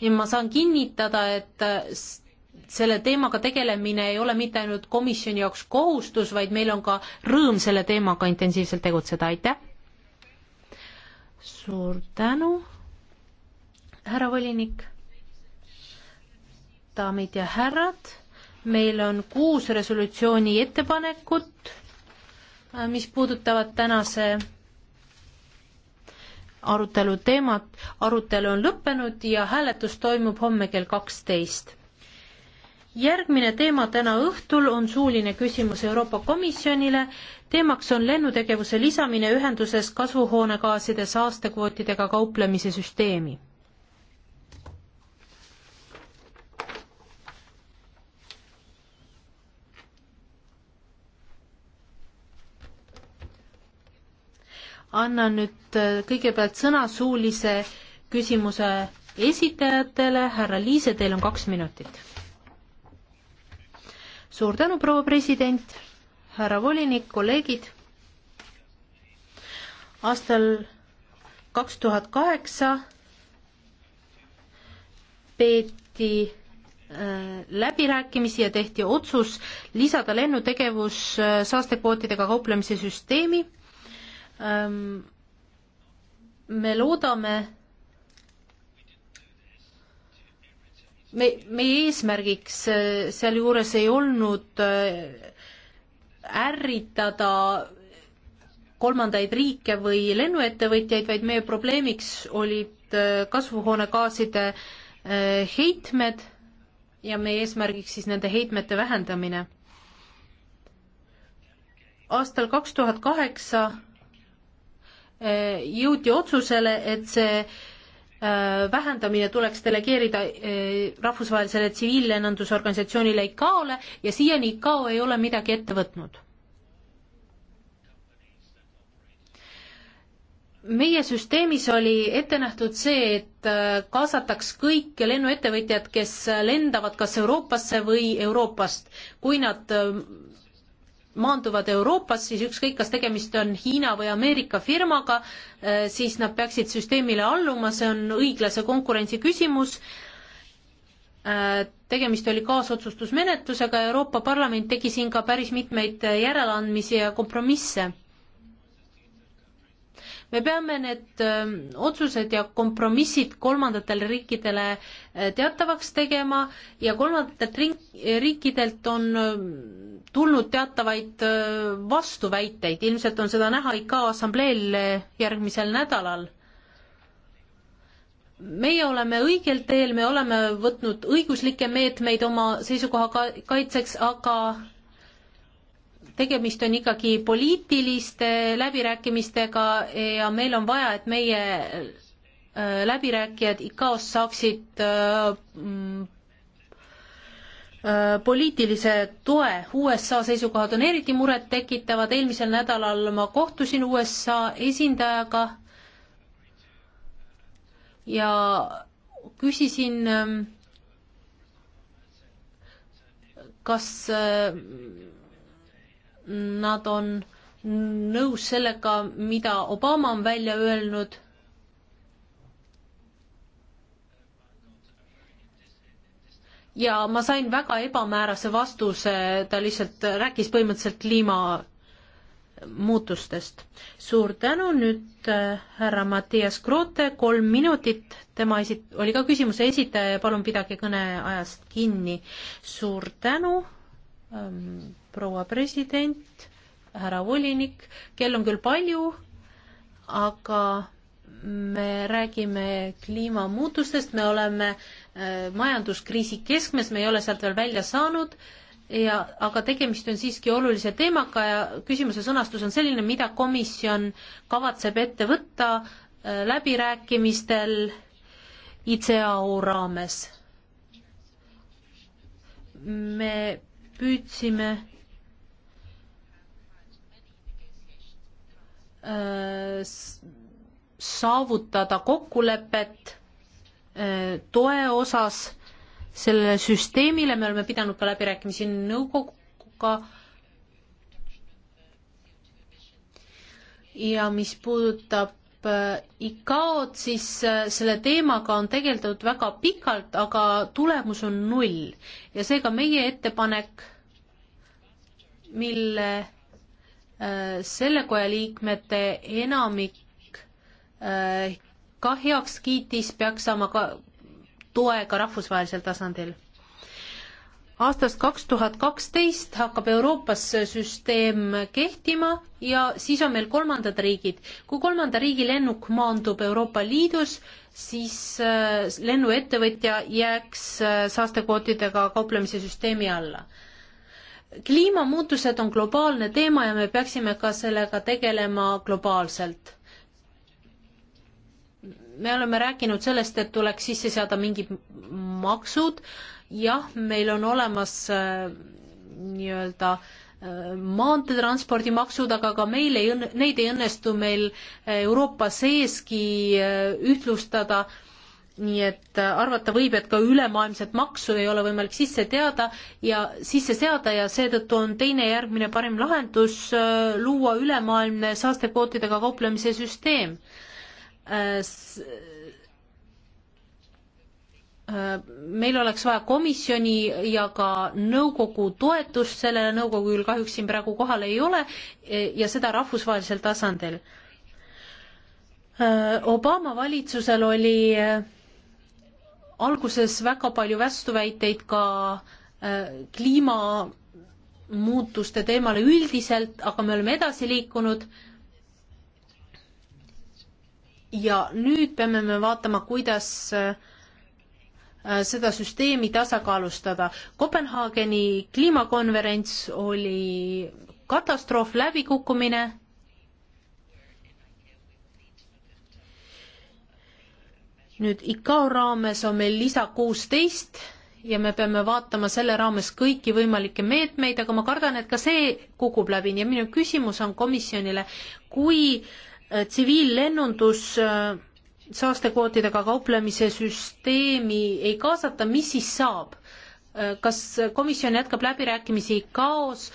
ja ma saan kinnitada, et äh, selle teemaga tegelemine ei ole mitte ainult komisjoni jaoks kohustus, vaid meil on ka rõõm selle teemaga intensiivselt tegutseda, aitäh! suur tänu, härra volinik, daamid ja härrad, meil on kuus resolutsiooni ettepanekut, äh, mis puudutavad tänase arutelu teemat. arutelu on lõppenud ja hääletus toimub homme kell kaksteist. järgmine teema täna õhtul on suuline küsimus Euroopa Komisjonile. teemaks on lennutegevuse lisamine ühenduses kasvuhoonegaaside saastekvootidega kauplemise süsteemi annan nüüd äh, kõigepealt sõna suulise küsimuse esitajatele, härra Liise, teil on kaks minutit. suur tänu, proua president, härra volinik, kolleegid. aastal kaks tuhat kaheksa peeti äh, läbirääkimisi ja tehti otsus lisada lennutegevus äh, saastekvootidega kauplemise süsteemi Ähm, me loodame, me, meie eesmärgiks äh, sealjuures ei olnud äh, ärritada kolmandaid riike või lennuettevõtjaid, vaid meie probleemiks olid äh, kasvuhoonegaaside heitmed ja meie eesmärgiks siis nende heitmete vähendamine. aastal kaks tuhat kaheksa Äh, jõuti otsusele, et see äh, vähendamine tuleks delegeerida äh, rahvusvahelisele tsiviillennundusorganisatsioonile ICAO-le ja siiani ICAO ei ole midagi ette võtnud. meie süsteemis oli ette nähtud see, et kaasataks kõik lennuettevõtjad, kes lendavad kas Euroopasse või Euroopast, kui nad maanduvad Euroopas, siis ükskõik, kas tegemist on Hiina või Ameerika firmaga, eh, siis nad peaksid süsteemile alluma, see on õiglase konkurentsi küsimus. Eh, tegemist oli kaasotsustusmenetlusega, Euroopa Parlament tegi siin ka päris mitmeid eh, järeleandmisi ja kompromisse me peame need ähm, otsused ja kompromissid kolmandatele riikidele äh, teatavaks tegema ja kolmandatelt riikidelt on ähm, tulnud teatavaid äh, vastuväiteid, ilmselt on seda näha IKA assambleel äh, järgmisel nädalal meie oleme õigel teel, me oleme võtnud õiguslikke meetmeid oma seisukoha kaitseks, aga tegemist on ikkagi poliitiliste läbirääkimistega ja meil on vaja, et meie äh, läbirääkijad ICAO-s saaksid äh, mm, äh, poliitilise toe. USA seisukohad on eriti murettekitavad, eelmisel nädalal ma kohtusin USA esindajaga ja küsisin, kas nad on nõus sellega, mida Obama on välja öelnud. ja ma sain väga ebamäärase vastuse, ta lihtsalt rääkis põhimõtteliselt kliimamuutustest. suur tänu, nüüd äh, härra Mattias Kroote, kolm minutit, tema esit-, oli ka küsimuse esitaja ja palun pidage kõneajast kinni. suur tänu ähm proua president, härra volinik, kell on küll palju, aga me räägime kliimamuutustest, me oleme äh, majanduskriisi keskmes, me ei ole sealt veel välja saanud ja, aga tegemist on siiski olulise teemaga ja küsimuse sõnastus on selline, mida komisjon kavatseb ette võtta äh, läbirääkimistel ICAO raames. me püüdsime Äh, saavutada kokkulepet äh, toe osas sellele süsteemile, me oleme pidanud ka läbirääkimisi nõukoguga ja mis puudutab äh, ICAO-d, siis selle teemaga on tegeldud väga pikalt, aga tulemus on null ja seega meie ettepanek, mille selle koja liikmete enamik äh, ka heakskiitis, peaks saama ka toe ka rahvusvahelisel tasandil. aastast kaks tuhat kaksteist hakkab Euroopas see süsteem kehtima ja siis on meil kolmandad riigid. kui kolmanda riigi lennuk maandub Euroopa Liidus, siis äh, lennuettevõtja jääks äh, saastekvootidega kauplemise süsteemi alla kliimamuutused on globaalne teema ja me peaksime ka sellega tegelema globaalselt. me oleme rääkinud sellest, et tuleks sisse seada mingid maksud, jah, meil on olemas äh, nii-öelda äh, maanteetranspordimaksud, aga ka meil ei õnne, neid ei õnnestu meil äh, Euroopa seeski äh, ühtlustada äh, nii et äh, arvata võib, et ka ülemaailmset maksu ei ole võimalik sisse teada ja sisse seada ja seetõttu on teine järgmine parim lahendus äh, luua ülemaailmne saastekvootidega kauplemise süsteem äh,. Äh, meil oleks vaja komisjoni ja ka nõukogu toetust sellele, nõukogu küll kahjuks siin praegu kohal ei ole e, ja seda rahvusvahelisel tasandil. Äh, Obama valitsusel oli äh, alguses väga palju vastuväiteid ka äh, kliimamuutuste teemale üldiselt, aga me oleme edasi liikunud. ja nüüd peame me vaatama, kuidas äh, äh seda süsteemi tasakaalustada. Kopenhaageni kliimakonverents oli katastroof, läbikukkumine nüüd ICAO raames on meil lisa kuusteist ja me peame vaatama selle raames kõiki võimalikke meetmeid, aga ma kardan, et ka see kukub läbi ja minu küsimus on komisjonile, kui äh, tsiviillennundus äh, saastekvootidega kauplemise süsteemi ei kaasata, mis siis saab? Äh, kas komisjon jätkab läbirääkimisi ICAO-s,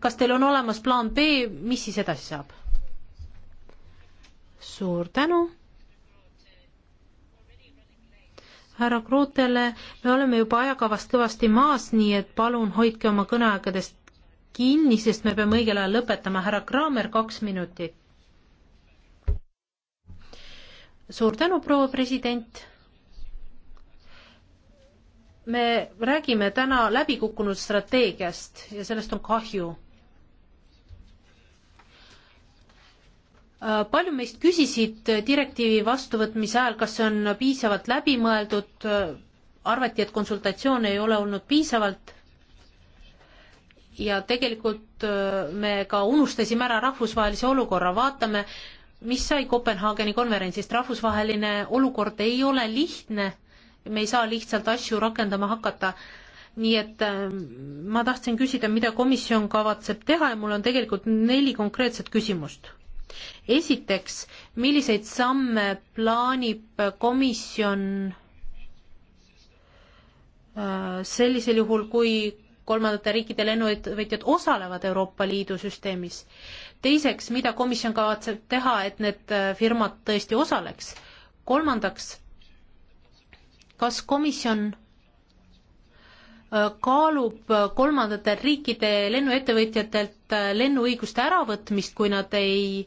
kas teil on olemas plaan B, mis siis edasi saab? suur tänu härra Kruutele, me oleme juba ajakavast kõvasti maas, nii et palun hoidke oma kõneaegadest kinni, sest me peame õigel ajal lõpetama. härra Kraamer, kaks minutit. suur tänu, proua president. me räägime täna läbikukkunud strateegiast ja sellest on kahju Äh, palju meist küsisid direktiivi vastuvõtmise ajal, kas see on piisavalt läbi mõeldud, äh, arvati, et konsultatsioone ei ole olnud piisavalt ja tegelikult äh, me ka unustasime ära rahvusvahelise olukorra, vaatame, mis sai Kopenhaageni konverentsist, rahvusvaheline olukord ei ole lihtne, me ei saa lihtsalt asju rakendama hakata nii et ma tahtsin küsida, mida komisjon kavatseb teha ja mul on tegelikult neli konkreetset küsimust esiteks, milliseid samme plaanib komisjon äh, sellisel juhul, kui kolmandate riikide lennuettevõtjad osalevad Euroopa Liidu süsteemis. teiseks, mida komisjon kavatseb teha, et need äh, firmad tõesti osaleks? kolmandaks, kas komisjon kaalub kolmandate riikide lennuettevõtjatelt lennuõiguste äravõtmist, kui nad ei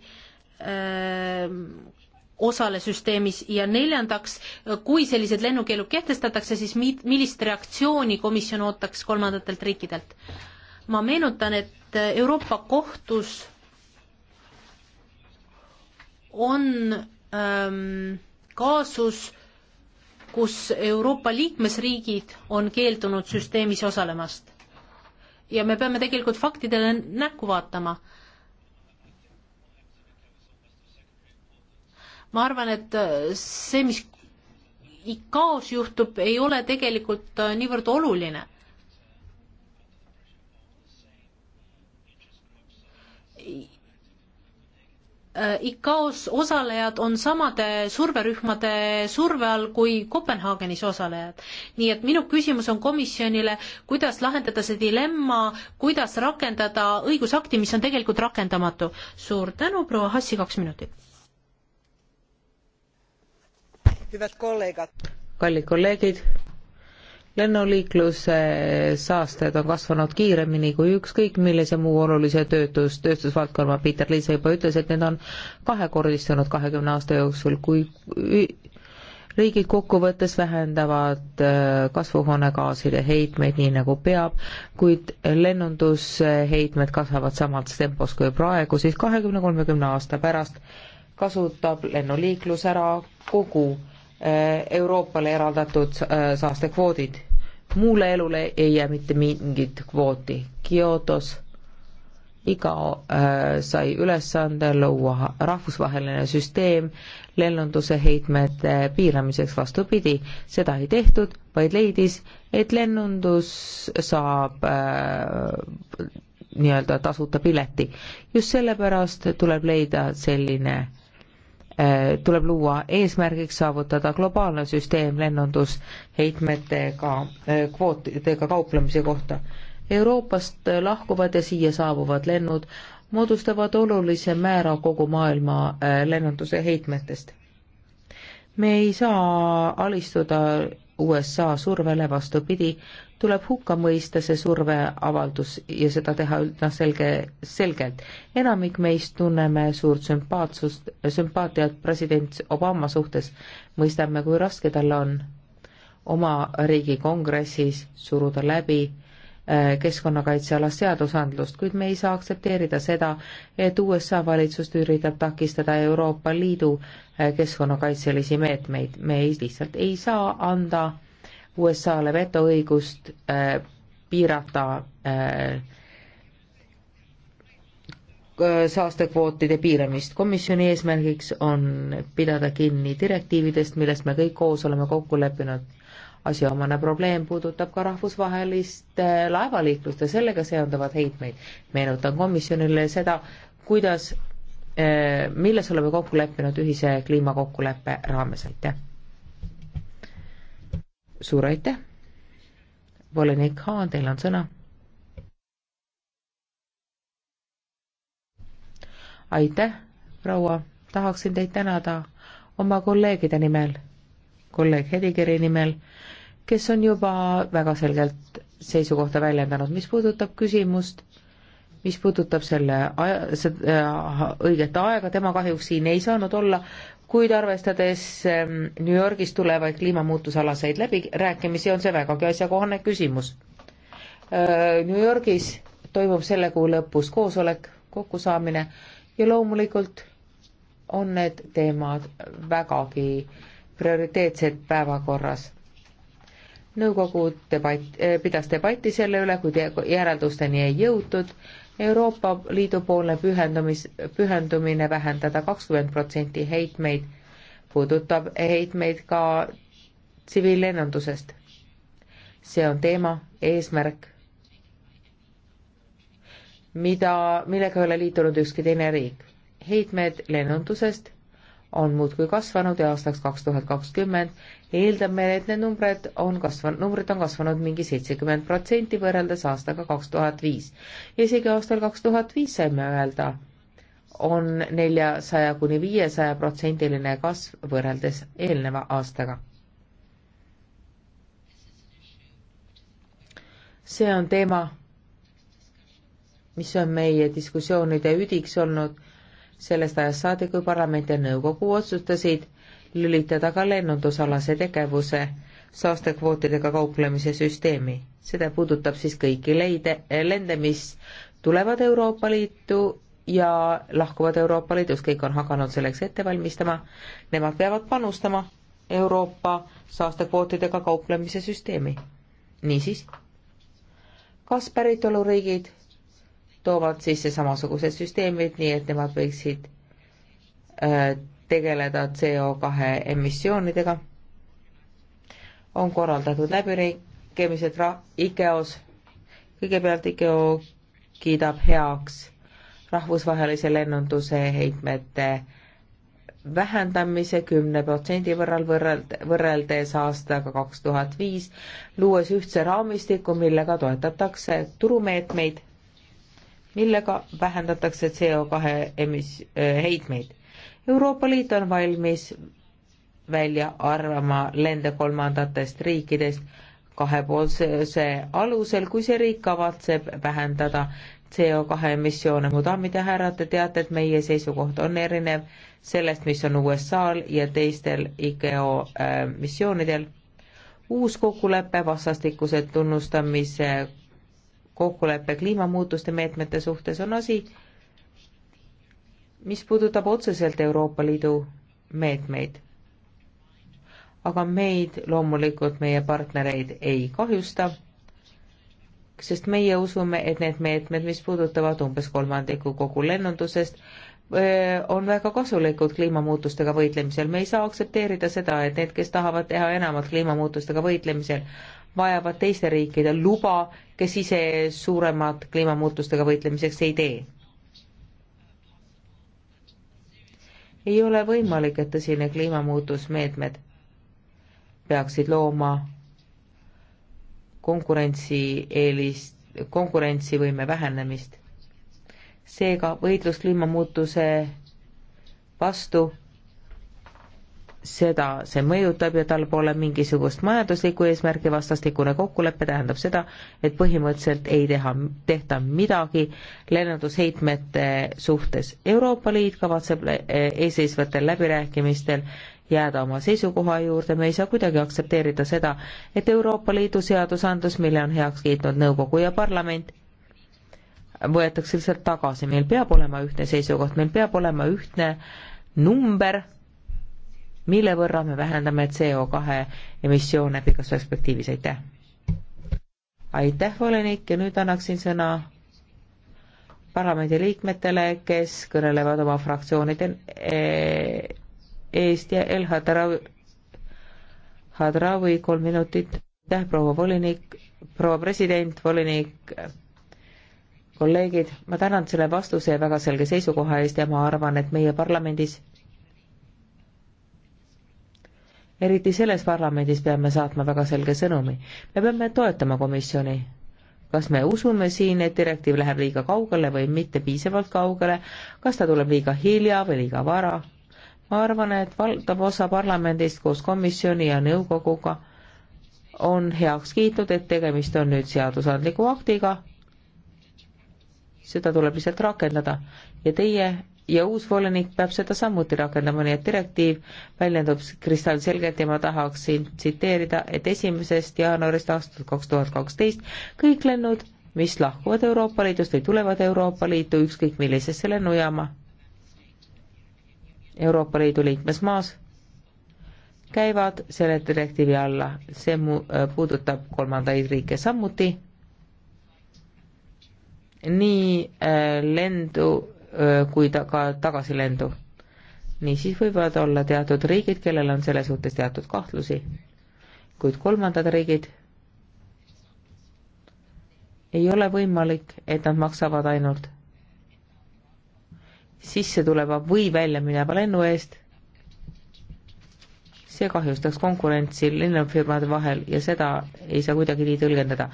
öö, äh, osale süsteemis ja neljandaks, kui sellised lennukeelud kehtestatakse, siis mi-, millist reaktsiooni komisjon ootaks kolmandatelt riikidelt? ma meenutan, et Euroopa Kohtus on ähm, kaasus äh, kus Euroopa liikmesriigid on keeldunud süsteemis osalemast. ja me peame tegelikult faktidele näkku vaatama. ma arvan, et äh, see, mis ICAO-s juhtub, ei ole tegelikult äh, niivõrd oluline Äh, ICAO-s osalejad on samade surverühmade surve all kui Kopenhaagenis osalejad. nii et minu küsimus on komisjonile, kuidas lahendada see dilemma, kuidas rakendada õigusakti, mis on tegelikult rakendamatu. suur tänu, proua Hassi, kaks minutit. kallid kolleegid lennuliikluse saasted on kasvanud kiiremini kui ükskõik millise muu olulise töötus, tööstusvaldkonna, Peter Liise juba ütles, et need on kahekordistunud kahekümne aasta jooksul, kui riigid kokkuvõttes vähendavad äh, kasvuhoonegaaside heitmeid nii nagu peab, kuid lennundusheitmed kasvavad samas tempos kui praegu, siis kahekümne, kolmekümne aasta pärast kasutab lennuliiklus ära kogu Äh, Euroopale eraldatud äh, saastekvoodid. muule elule ei jää mitte mingit kvooti. Kyotos iga äh, sai ülesande luua rahvusvaheline süsteem lennunduse heitmete piiramiseks, vastupidi, seda ei tehtud, vaid leidis, et lennundus saab äh, nii-öelda tasuta pileti. just sellepärast tuleb leida selline äh, Eh, tuleb luua eesmärgiks saavutada globaalne süsteem lennundusheitmetega eh, kvootidega kauplemise kohta. Euroopast lahkuvad ja siia saabuvad lennud moodustavad olulise määra kogu maailma eh, lennunduse heitmetest. me ei saa alistuda USA survele, vastupidi, tuleb hukka mõista see surveavaldus ja seda teha üldse selge, selgelt. enamik meist tunneme suurt sümpaatsust, sümpaatiat president Obama suhtes, mõistame, kui raske tal on oma riigi kongressis suruda läbi äh, keskkonnakaitsealast seadusandlust, kuid me ei saa aktsepteerida seda, et USA valitsust üritab takistada Euroopa Liidu äh, keskkonnakaitselisi meetmeid. me ei, lihtsalt ei saa anda USA-le vetoõigust äh, piirata äh, äh, saastekvootide piiramist. komisjoni eesmärgiks on pidada kinni direktiividest, millest me kõik koos oleme kokku leppinud. asjaomane probleem puudutab ka rahvusvahelist äh, laevaliiklust ja sellega seonduvad heitmeid. meenutan komisjonile seda, kuidas, äh, milles oleme kokku leppinud ühise kliimakokkuleppe raames, aitäh! suur aitäh! volinik Haan, teil on sõna. aitäh, proua, tahaksin teid tänada oma kolleegide nimel, kolleeg Hedikeri nimel, kes on juba väga selgelt seisukohta väljendanud, mis puudutab küsimust, mis puudutab selle aja, seda äh, õiget aega, tema kahjuks siin ei saanud olla, kuid arvestades ähm, New Yorgis tulevaid kliimamuutusalaseid läbirääkimisi, on see vägagi asjakohane küsimus. Äh, New Yorgis toimub selle kuu lõpus koosolek, kokkusaamine ja loomulikult on need teemad vägagi prioriteetsed päevakorras. nõukogu debatt, äh, pidas debatti selle üle, kuid järeldusteni ei jõutud Euroopa Liidu poole pühendumis, pühendumine vähendada kakskümmend protsenti heitmeid, puudutab heitmeid ka tsiviillennundusest. see on teema, eesmärk, mida, millega ei ole liitunud ükski teine riik. heitmed lennundusest on muudkui kasvanud ja aastaks kaks tuhat kakskümmend eeldame, et need numbrid on kasvanud, numbrid on kasvanud mingi seitsekümmend protsenti võrreldes aastaga kaks tuhat viis. isegi aastal kaks tuhat viis saime öelda, on neljasaja kuni viiesaja protsendiline kasv võrreldes eelneva aastaga see on teema, mis on meie diskussioonide üdiks olnud sellest ajast saadi, kui parlament ja nõukogu otsustasid lülitada ka lennundusalase tegevuse saastekvootidega kauplemise süsteemi. seda puudutab siis kõiki leide, lende, mis tulevad Euroopa Liitu ja lahkuvad Euroopa Liidus, kõik on hakanud selleks ette valmistama, nemad peavad panustama Euroopa saastekvootidega kauplemise süsteemi. niisiis, kas päritoluriigid toovad sisse samasugused süsteemid, nii et nemad võiksid äh, tegeleda CO2 emissioonidega. on korraldatud läbirääkimised ICAO-s. kõigepealt ICAO kiidab heaks rahvusvahelise lennunduse heitmete vähendamise kümne protsendi võrral võrreld-, võrreldes aastaga kaks tuhat viis, luues ühtse raamistiku, millega toetatakse turumeetmeid millega vähendatakse CO2 emis-, eh, heitmeid. Euroopa Liit on valmis välja arvama lende kolmandatest riikidest kahepoolse alusel, kui see riik kavatseb vähendada CO2 emissioone. mu daamid ja härrad, te teate, et meie seisukoht on erinev sellest, mis on USA-l ja teistel ICAO eh, missioonidel. uus kokkulepe vastastikuse tunnustamise kokkulepe kliimamuutuste meetmete suhtes on asi, mis puudutab otseselt Euroopa Liidu meetmeid. aga meid, loomulikult meie partnereid ei kahjusta, sest meie usume, et need meetmed, mis puudutavad umbes kolmandiku kogu lennundusest, on väga kasulikud kliimamuutustega võitlemisel. me ei saa aktsepteerida seda, et need, kes tahavad teha enamat kliimamuutustega võitlemisel, vajavad teiste riikide luba, kes ise suuremat kliimamuutustega võitlemiseks ei tee. ei ole võimalik, et tõsine kliimamuutusmeetmed peaksid looma konkurentsieelist, konkurentsivõime vähenemist. seega võitlus kliimamuutuse vastu seda see mõjutab ja tal pole mingisugust majanduslikku eesmärki, vastastikune kokkulepe tähendab seda, et põhimõtteliselt ei teha, tehta midagi lennundusheitmete suhtes. Euroopa Liit kavatseb eh, eesseisvatel läbirääkimistel jääda oma seisukoha juurde, me ei saa kuidagi aktsepteerida seda, et Euroopa Liidu seadusandlus, mille on heaks kiitnud nõukogu ja parlament, võetakse lihtsalt tagasi, meil peab olema ühtne seisukoht, meil peab olema ühtne number mille võrra me vähendame CO2 emissioone pikas perspektiivis, aitäh! aitäh, volinik, ja nüüd annaksin sõna parlamendiliikmetele, kes kõnelevad oma fraktsioonide eh, eest ja El Hadravi, Hadravi kolm minutit. aitäh, proua volinik, proua president, volinik, kolleegid, ma tänan selle vastuse ja väga selge seisukoha eest ja ma arvan, et meie parlamendis eriti selles parlamendis peame saatma väga selge sõnumi. me peame toetama komisjoni. kas me usume siin, et direktiiv läheb liiga kaugele või mitte piisavalt kaugele, kas ta tuleb liiga hilja või liiga vara? ma arvan, et valdav osa parlamendist koos komisjoni ja nõukoguga on heaks kiitnud, et tegemist on nüüd seadusandliku aktiga, seda tuleb lihtsalt rakendada ja teie ja uus volinik peab seda samuti rakendama, nii et direktiiv väljendub kristallselgelt ja ma tahaksin tsiteerida, et esimesest jaanuarist aastast kaks tuhat kaksteist kõik lennud, mis lahkuvad Euroopa Liidust või tulevad Euroopa Liitu ükskõik millisesse lennujaama Euroopa Liidu liikmesmaas, käivad selle direktiivi alla, see mu-, puudutab kolmandaid riike samuti, nii äh, lendu kui ta ka tagasilendu. niisiis võivad olla teatud riigid, kellel on selle suhtes teatud kahtlusi, kuid kolmandad riigid ei ole võimalik, et nad maksavad ainult sisse tuleva või välja mineva lennu eest see kahjustaks konkurentsi lennufirmade vahel ja seda ei saa kuidagi nii tõlgendada.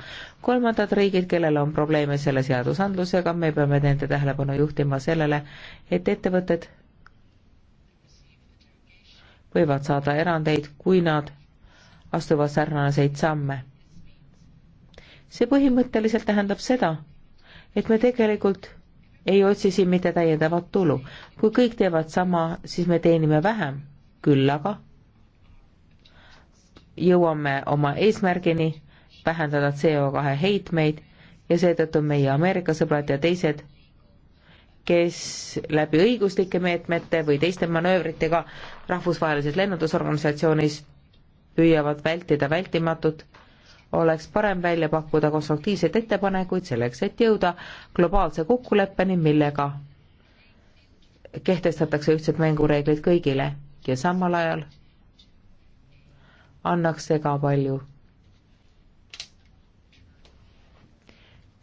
kolmandad riigid, kellel on probleeme selle seadusandlusega, me peame nende tähelepanu juhtima sellele, et ettevõtted võivad saada erandeid, kui nad astuvad sarnaseid samme. see põhimõtteliselt tähendab seda, et me tegelikult ei otsi siin mitte täiendavat tulu. kui kõik teevad sama, siis me teenime vähem, küll aga jõuame oma eesmärgini vähendada CO2 heitmeid ja seetõttu meie Ameerika sõbrad ja teised, kes läbi õiguslike meetmete või teiste manöövritega rahvusvahelises lennundusorganisatsioonis püüavad vältida vältimatut, oleks parem välja pakkuda konstruktiivseid ettepanekuid selleks, et jõuda globaalse kokkuleppeni, millega kehtestatakse ühtsed mängureeglid kõigile ja samal ajal annaks väga palju.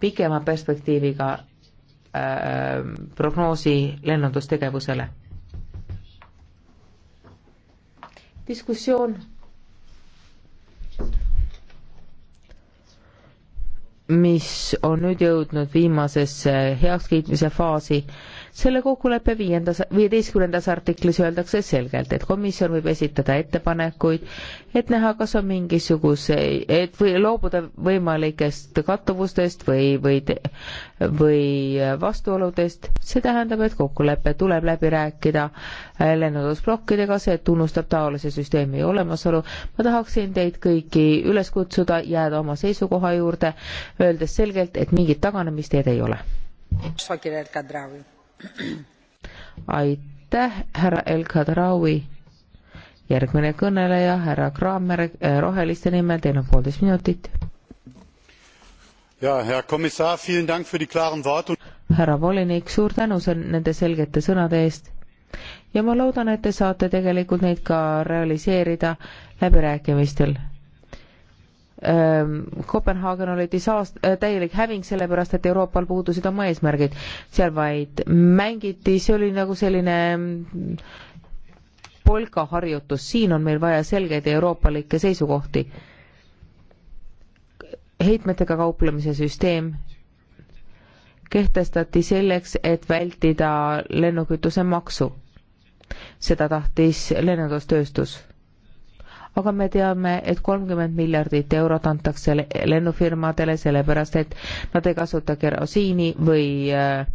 pikema perspektiiviga äh, prognoosi lennundustegevusele. diskussioon mis on nüüd jõudnud viimasesse heakskiitmise faasi, selle kokkuleppe viiendas, viieteistkümnendas artiklis öeldakse selgelt, et komisjon võib esitada ettepanekuid, et näha, kas on mingisuguseid, et või loobuda võimalikest kattuvustest või, või, või vastuoludest. see tähendab, et kokkulepe tuleb läbi rääkida äh, lennundusblokkidega, see tunnustab taolise süsteemi olemasolu. ma tahaksin teid kõiki üles kutsuda jääda oma seisukoha juurde, öeldes selgelt, et mingit taganemist teed ei ole. Sokirer Kadravi aitäh, härra El Kadraoui. järgmine kõneleja, härra Kraamer eh, Roheliste nimel, teil on poolteist minutit. ja, hea komissar, härra volinik, suur tänu nende selgete sõnade eest ja ma loodan, et te saate tegelikult neid ka realiseerida läbirääkimistel Ehm, Kopenhaagen oli disaast-, äh, täielik häving, sellepärast et Euroopal puudusid oma eesmärgid. seal vaid mängiti, see oli nagu selline mm, polkaharjutus, siin on meil vaja selgeid euroopalikke seisukohti. heitmetega kauplemise süsteem kehtestati selleks, et vältida lennukütuse maksu. seda tahtis lennundustööstus aga me teame, et kolmkümmend miljardit eurot antakse lennufirmadele, sellepärast et nad ei kasuta kerosiini või äh,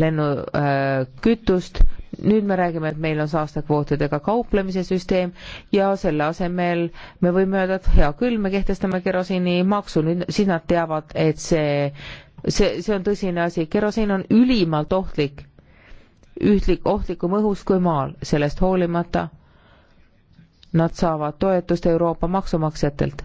lennukütust. Äh, nüüd me räägime, et meil on saastekvootidega kauplemise süsteem ja selle asemel me võime öelda, et hea küll, me kehtestame kerosiinimaksu, nüüd siis nad teavad, et see see, see on tõsine asi, kerosiin on ülimalt ohtlik, ühtlik, ohtlikum õhus kui maal, sellest hoolimata Nad saavad toetust Euroopa maksumaksjatelt.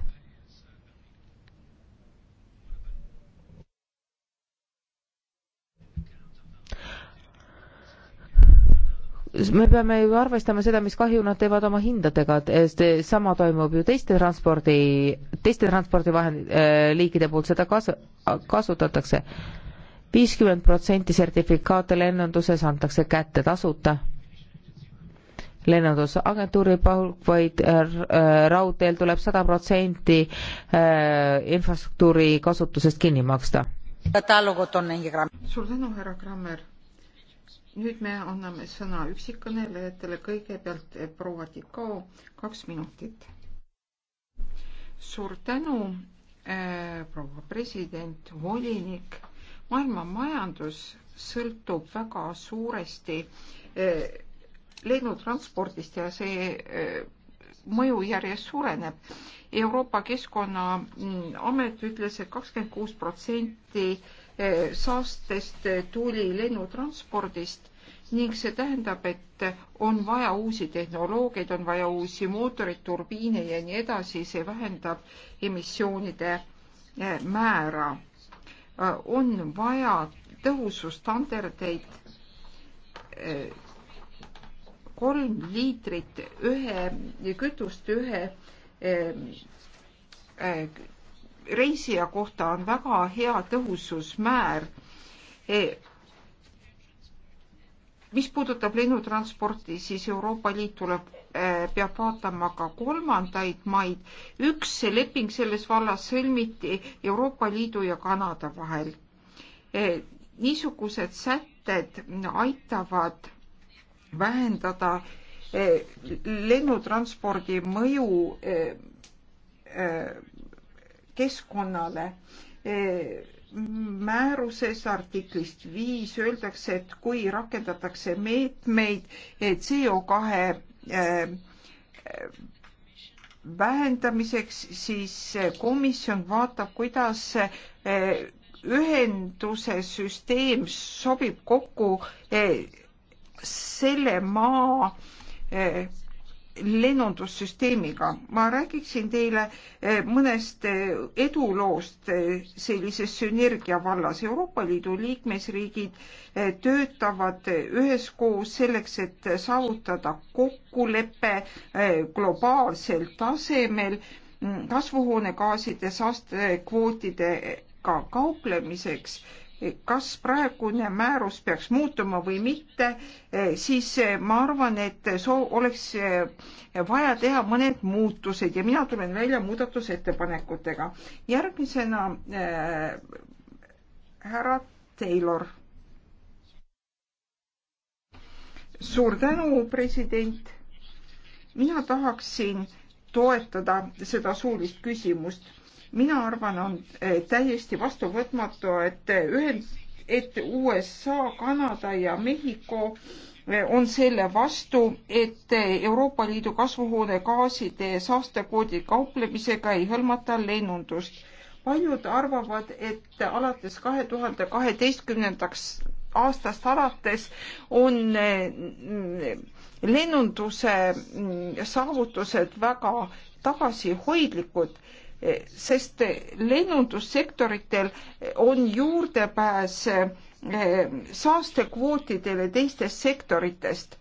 me peame ju arvestama seda, mis kahju nad teevad oma hindadega, et sama toimub ju teiste transpordi, teiste transpordivahend- äh,, liikide poolt seda kasu-, kasutatakse. viiskümmend protsenti sertifikaate lennunduses antakse kätte tasuta lennundusagentuuri palk, vaid äh, äh, raudteel tuleb sada protsenti äh, infrastruktuuri kasutusest kinni maksta. suur tänu, härra Krammer. nüüd me anname sõna üksikkõnelejatele, kõigepealt eh, proua Tikao, kaks minutit. suur tänu, eh, proua president, volinik. maailma majandus sõltub väga suuresti eh, lennutranspordist ja see eh, mõju järjest suureneb. Euroopa Keskkonnaamet ütles et, et kakskümmend kuus protsenti eh, saastest eh, tuli lennutranspordist ning see tähendab, et on vaja uusi tehnoloogiaid, on vaja uusi mootoreid, turbiine ja nii edasi, see vähendab emissioonide määra. on vaja tõhususstandardeid kolm liitrit ühe kütust ühe ehm, ehm, reisija kohta on väga hea tõhususmäär. E, mis puudutab lennutransporti, siis Euroopa Liit tuleb, e, peab vaatama ka kolmandaid maid. üks leping selles vallas sõlmiti Euroopa Liidu ja Kanada vahel. E, niisugused sätted aitavad vähendada eh, lennutranspordi mõju eh, eh, keskkonnale. määruses artiklist viis öeldakse, et kui rakendatakse meetmeid CO kahe vähendamiseks, siis komisjon vaatab, kuidas ühenduse süsteem sobib kokku selle maa eh, lennundussüsteemiga. ma räägiksin teile eh, mõnest eh, eduloost sellises sünergia vallas. Euroopa Liidu liikmesriigid töötavad üheskoos selleks, et saavutada kokkulepe globaalsel tasemel mm, kasvuhoonegaaside saastekvootidega kauplemiseks kas praegune määrus peaks muutuma või mitte, siis ma arvan, et soo-, oleks vaja teha mõned muutused ja mina tulen välja muudatusettepanekutega. järgmisena äh, härra Taylor. suur tänu, president. mina tahaksin toetada seda suulist küsimust mina arvan, on eh, täiesti vastuvõtmatu, et eh, ühel, et USA, Kanada ja Mehhiko eh, on selle vastu, et Euroopa Liidu kasvuhoonegaaside saastekvoodi kauplemisega ei hõlmata lennundust. paljud arvavad, et alates kahe tuhande kaheteistkümnendaks aastast alates on lennunduse mm, saavutused väga tagasihoidlikud sest lennundussektoritel on juurdepääs eh, saastekvootidele teistest sektoritest.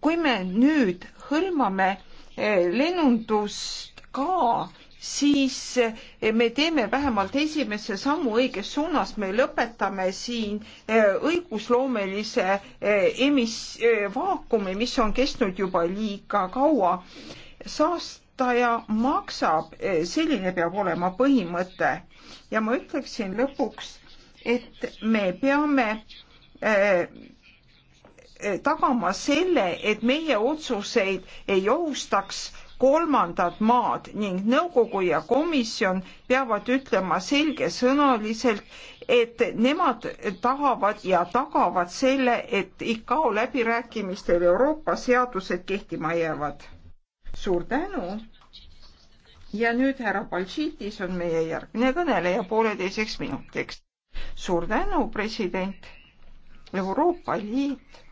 kui me nüüd hõlmame eh, lennundust ka siis eh, me teeme vähemalt esimese sammu õiges suunas, me lõpetame siin eh, õigusloomelise eh, emis-, vaakumi, mis on kestnud juba liiga kaua. saastaja maksab, selline peab olema põhimõte ja ma ütleksin lõpuks, et me peame tagama selle, et meie otsuseid ei ohustaks kolmandad maad ning nõukogu ja komisjon peavad ütlema selgesõnaliselt, et nemad tahavad ja tagavad selle, et ICAO läbirääkimistel Euroopa seadused kehtima jäävad. suur tänu. ja nüüd härra Baltšiitis on meie järgmine kõneleja pooleteiseks minutiks. suur tänu, president. Euroopa Liit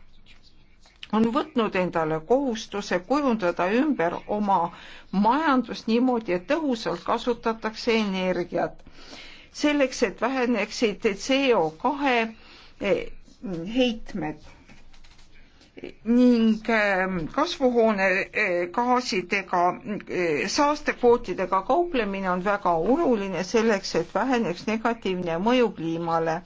on võtnud endale kohustuse kujundada ümber oma majandust niimoodi, et tõhusalt kasutatakse energiat. selleks, et väheneksid CO kahe eh, heitmed ning ehm, kasvuhoonegaasidega, eh, eh, saastekvootidega kauplemine on väga oluline selleks, et väheneks negatiivne mõju kliimale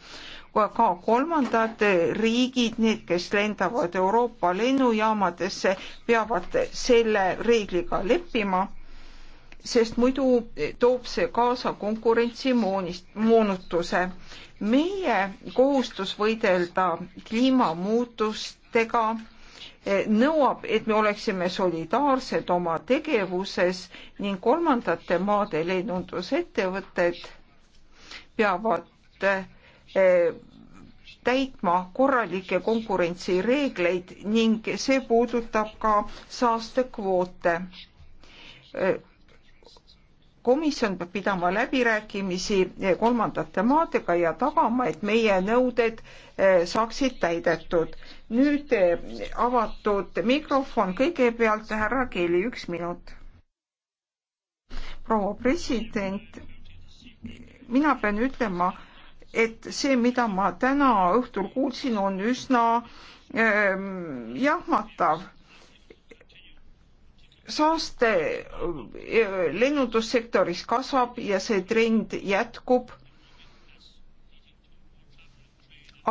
ka kolmandad riigid, need, kes lendavad Euroopa lennujaamadesse, peavad selle reegliga leppima, sest muidu toob see kaasa konkurentsimoonutuse. meie kohustus võidelda kliimamuutustega eh, nõuab, et me oleksime solidaarsed oma tegevuses ning kolmandate maade lennundusettevõtted peavad eh, Eh, täitma korralikke konkurentsireegleid ning see puudutab ka saastekvoote. Eh, komisjon peab pidama läbirääkimisi eh, kolmandate maadega ja tagama, et meie nõuded saaksid täidetud. nüüd avatud mikrofon, kõigepealt härra Keeli, üks minut. proua president, mina pean ütlema, et see, mida ma täna õhtul kuulsin, on üsna ähm, jahmatav. saaste e, lennundussektoris kasvab ja see trend jätkub.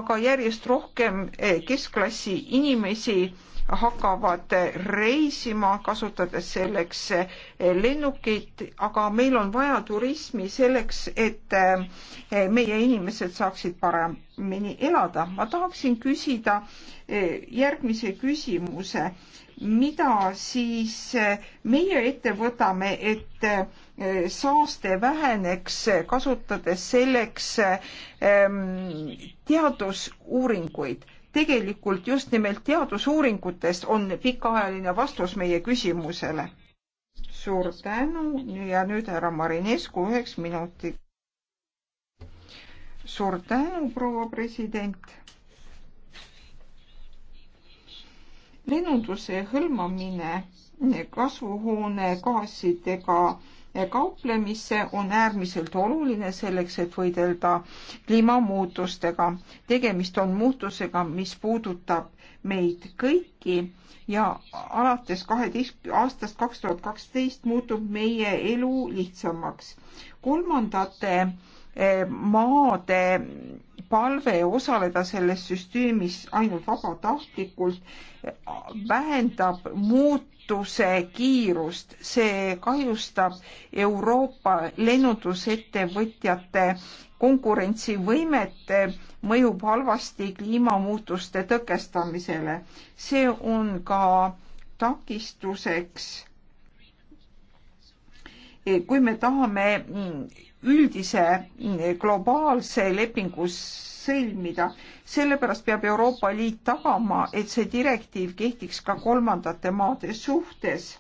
aga järjest rohkem e, keskklassi inimesi hakkavad reisima, kasutades selleks lennukit, aga meil on vaja turismi selleks, et eh, meie inimesed saaksid paremini elada. ma tahaksin küsida eh, järgmise küsimuse, mida siis eh, meie ette võtame, et saaste väheneks, kasutades selleks teadusuuringuid tegelikult just nimelt teadusuuringutest on pikaajaline vastus meie küsimusele. suur tänu ja nüüd härra Marinescu üheks minutiks. suur tänu, proua president. lennunduse hõlmamine kasvuhoonegaasidega ka kauplemisse on äärmiselt oluline selleks, et võidelda kliimamuutustega. tegemist on muutusega, mis puudutab meid kõiki ja alates kaheteist, aastast kaks tuhat kaksteist muutub meie elu lihtsamaks. kolmandate E, maade palve osaleda selles süsteemis ainult vabatahtlikult e, vähendab muutuse kiirust. see kahjustab Euroopa lennundusettevõtjate konkurentsivõimet, e, mõjub halvasti kliimamuutuste tõkestamisele. see on ka takistuseks, kui me tahame mm, üldise eh, globaalse lepingu sõlmida. sellepärast peab Euroopa Liit tagama, et see direktiiv kehtiks ka kolmandate maade suhtes.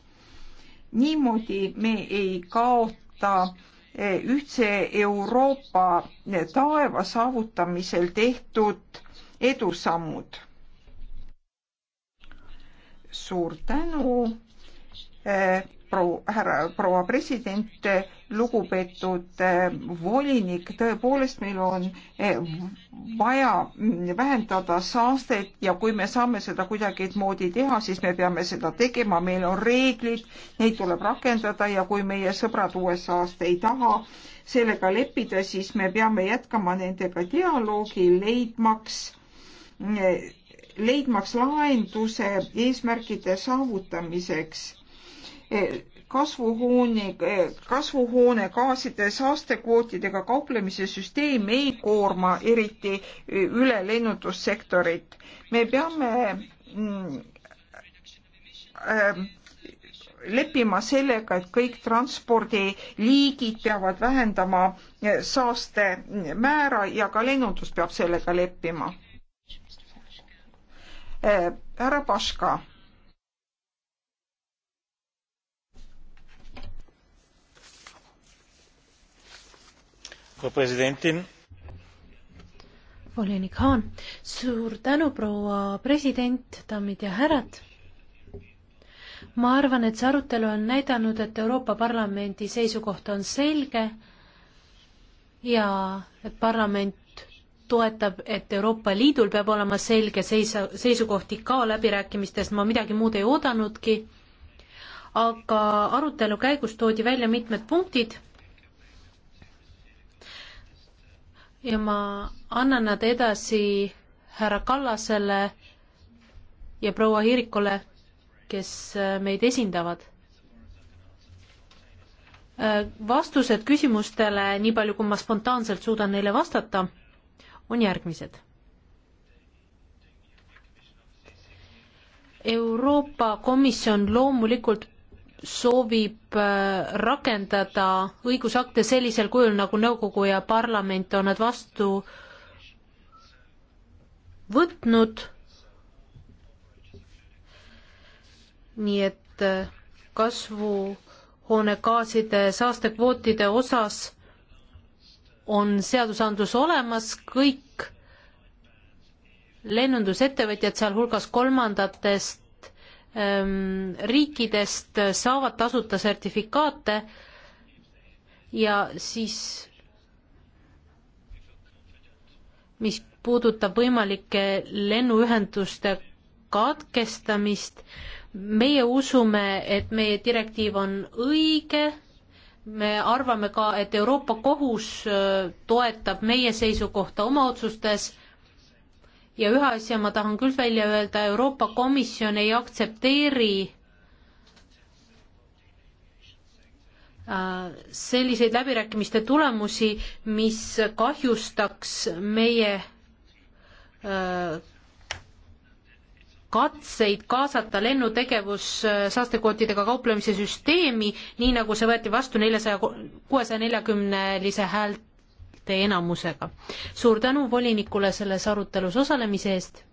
niimoodi me ei kaota eh, ühtse Euroopa eh, taeva saavutamisel tehtud edusammud. suur tänu, proua, härra, proua president lugupeetud eh, volinik, tõepoolest meil on eh, vaja mm, vähendada saastet ja kui me saame seda kuidagimoodi teha, siis me peame seda tegema, meil on reeglid, neid tuleb rakendada ja kui meie sõbrad USA-st ei taha sellega leppida, siis me peame jätkama nendega dialoogi, leidmaks leidmaks lahenduse eesmärkide saavutamiseks eh, kasvuhoone, kasvuhoonegaaside saastekvootidega kauplemise süsteem ei koorma eriti üle lennundussektorit. me peame mm, äh, leppima sellega, et kõik transpordiliigid peavad vähendama äh, saastemäära ja ka lennundus peab sellega leppima. Äh, härra Paška volinik Haan, suur tänu, proua president, daamid ja härrad. ma arvan, et see arutelu on näidanud, et Euroopa Parlamendi seisukoht on selge ja et parlament toetab, et Euroopa Liidul peab olema selge seisa, seisukoht ICAO läbirääkimistest, ma midagi muud ei oodanudki, aga arutelu käigus toodi välja mitmed punktid ja ma annan nad edasi härra Kallasele ja proua Hirikule, kes äh, meid esindavad. Äh, vastused küsimustele, nii palju kui ma spontaanselt suudan neile vastata, on järgmised. Euroopa Komisjon loomulikult soovib äh, rakendada õigusakte sellisel kujul, nagu nõukogu ja parlament on nad vastu võtnud. nii et äh, kasvuhoonegaaside saastekvootide osas on seadusandlus olemas, kõik lennundusettevõtjad, sealhulgas kolmandatest Ehm, riikidest saavad tasuta sertifikaate ja siis, mis puudutab võimalike lennuühenduste katkestamist, meie usume, et meie direktiiv on õige, me arvame ka, et Euroopa Kohus äh, toetab meie seisukohta oma otsustes ja ühe asja ma tahan küll välja öelda, Euroopa Komisjon ei aktsepteeri äh, selliseid läbirääkimiste tulemusi, mis kahjustaks meie äh, katseid kaasata lennutegevus äh, saastekvootidega kauplemise süsteemi, nii nagu see võeti vastu neljasaja, kuuesaja neljakümnelise häält häälteenamusega. suur tänu volinikule selles arutelus osalemise eest